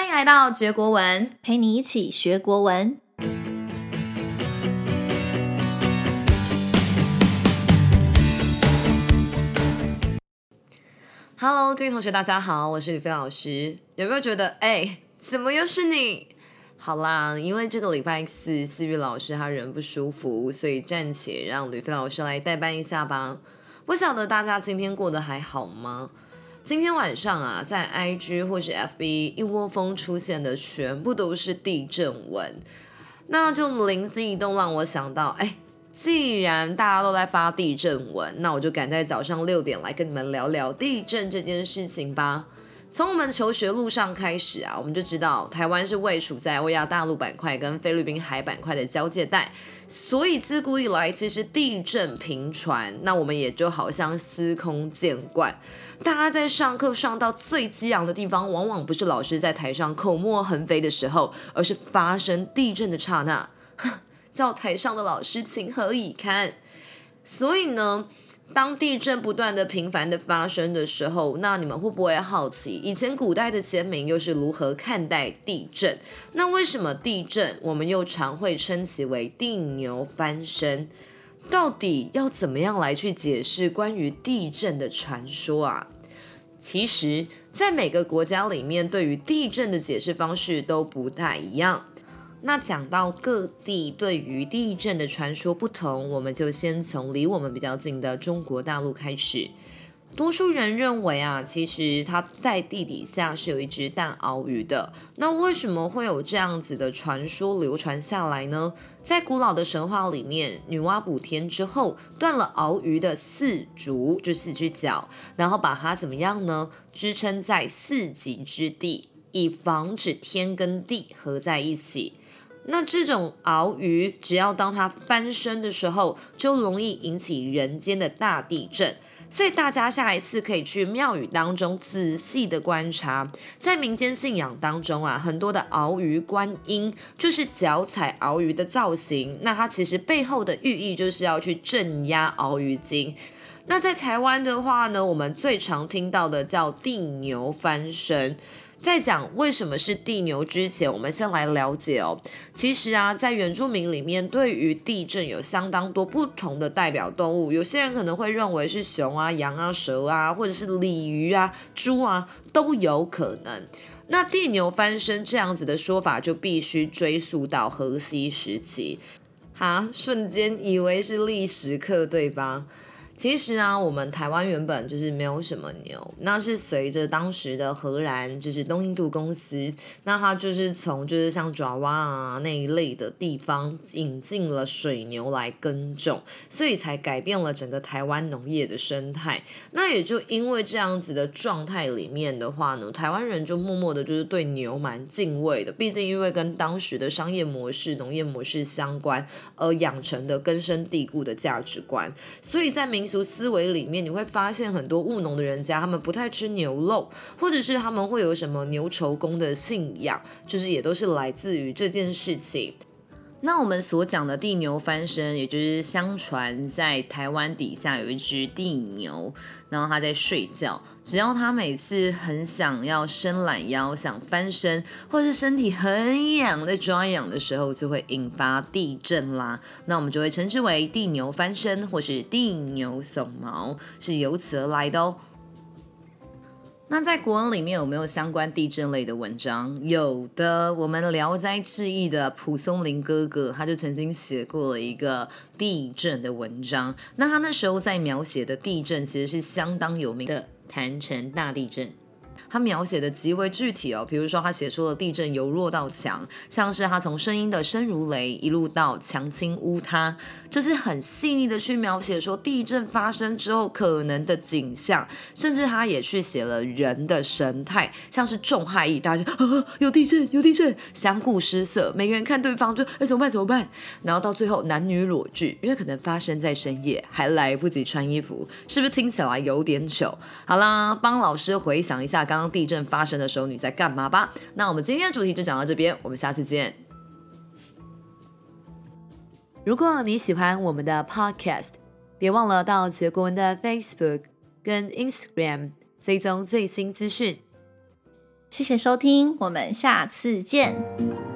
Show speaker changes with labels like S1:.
S1: 歡迎來到學國文，陪你一起學國文。Hello，各位同學，大家好，我是李緋老師。有沒有覺得，哎，怎麼又是你？好啦，因為這個禮拜四，思雨老師他人不舒服，所以暫且讓李緋老師來代班一下吧。不曉得大家今天過得還好嗎？今天晚上啊，在 IG 或是 FB 一窩蜂出現的全部都是地震文，那就靈機一動讓我想到，哎，既然大家都在發地震文，那我就趕在早上六點來跟你們聊聊地震這件事情吧。從我們求學路上開始啊，我們就知道台灣是位處在歐亞大陸板塊跟菲律賓海板塊的交界帶，所以自古以來其實地震頻傳，那我們也就好像司空見慣。大家在上課上到最激昂的地方，往往不是老師在台上口沫橫飛的時候，而是發生地震的剎那，叫台上的老師情何以堪？所以呢。當地震不斷的、頻繁的發生的時候，那你們會不會好奇，以前古代的先民又是如何看待地震？那為什麼地震我們又常會稱其為“地牛翻身”？到底要怎麼樣來去解釋關於地震的傳說啊？其實，在每個國家裡面，對於地震的解釋方式都不太一樣。那講到各地對於地震的傳說不同，我們就先從離我們比較近的中國大陸開始。多數人認為啊，其實它在地底下是有一隻大鰲魚的。那為什麼會有這樣子的傳說流傳下來呢？在古老的神話裡面，女媧補天之後斷了鰲魚的四足，就四隻腳，然後把它怎麼樣呢？支撐在四極之地，以防止天跟地合在一起。那這種鰲魚，只要當它翻身的時候，就容易引起人間的大地震。所以大家下一次可以去廟宇當中仔細的觀察，在民間信仰當中啊，很多的鰲魚觀音就是腳踩鰲魚的造型。那它其實背後的寓意，就是要去鎮壓鰲魚精。那在台灣的話呢，我們最常聽到的叫地牛翻身。在講為什麼是地牛之前，我們先來了解哦。其實啊，在原住民裡面，對於地震有相當多不同的代表動物。有些人可能會認為是熊啊、羊啊、蛇啊，或者是鯉魚啊、豬啊都有可能。那地牛翻身這樣子的說法，就必須追溯到荷西時期。啊，瞬間以為是歷史課，對吧？其實啊，我們台灣原本就是沒有什麼牛，那是隨着當時的荷蘭，就是東印度公司，那它就是從就是像爪哇啊那一類的地方引進了水牛來耕種，所以才改變了整個台灣農業的生態。那也就因為這樣子的狀態裡面的話呢，台灣人就默默的就是對牛蠻敬畏的，畢竟因為跟當時的商業模式、農業模式相關而養成的根深蒂固的價值觀，所以在明。從思維裡面，你會發現很多務農的人家，他們不太吃牛肉，或者是他們會有什麼牛稠公的信仰，就是也都是來自於這件事情。那我們所講的地牛翻身，也就是相傳在台灣底下有一隻地牛，然後它在睡覺，只要它每次很想要伸懶腰、想翻身，或是身體很癢在抓癢的時候，就會引發地震啦。那我們就會稱之為地牛翻身，或是地牛聳毛，是由此而來的哦。那在國文裡面有沒有相關地震類的文章？有的，我們《聊齋志異》的蒲松齡哥哥他就曾經寫過了一個地震的文章。那他那時候在描寫的地震其實是相當有名的郯城大地震。他描寫的極為具體哦，比如說他寫出了地震由弱到強，像是他從聲音的聲如雷一路到牆傾屋塌，就是很細膩的去描寫說地震發生之後可能的景象，甚至他也去寫了人的神態，像是眾駭異。大叫啊，有地震有地震，相顧失色，每個人看對方就哎、欸、怎麼辦怎麼辦，然後到最後男女裸聚，因為可能發生在深夜還來不及穿衣服，是不是聽起來有點糗？好啦，幫老師回想一下。剛剛地震發生的時候，你在幹嘛吧？那我們今天的主題就講到這邊，我們下次見。如果你喜歡我們的 Podcast，別忘了到杰國文的 Facebook 跟 Instagram 追蹤最新資訊。謝謝收聽，我們下次見。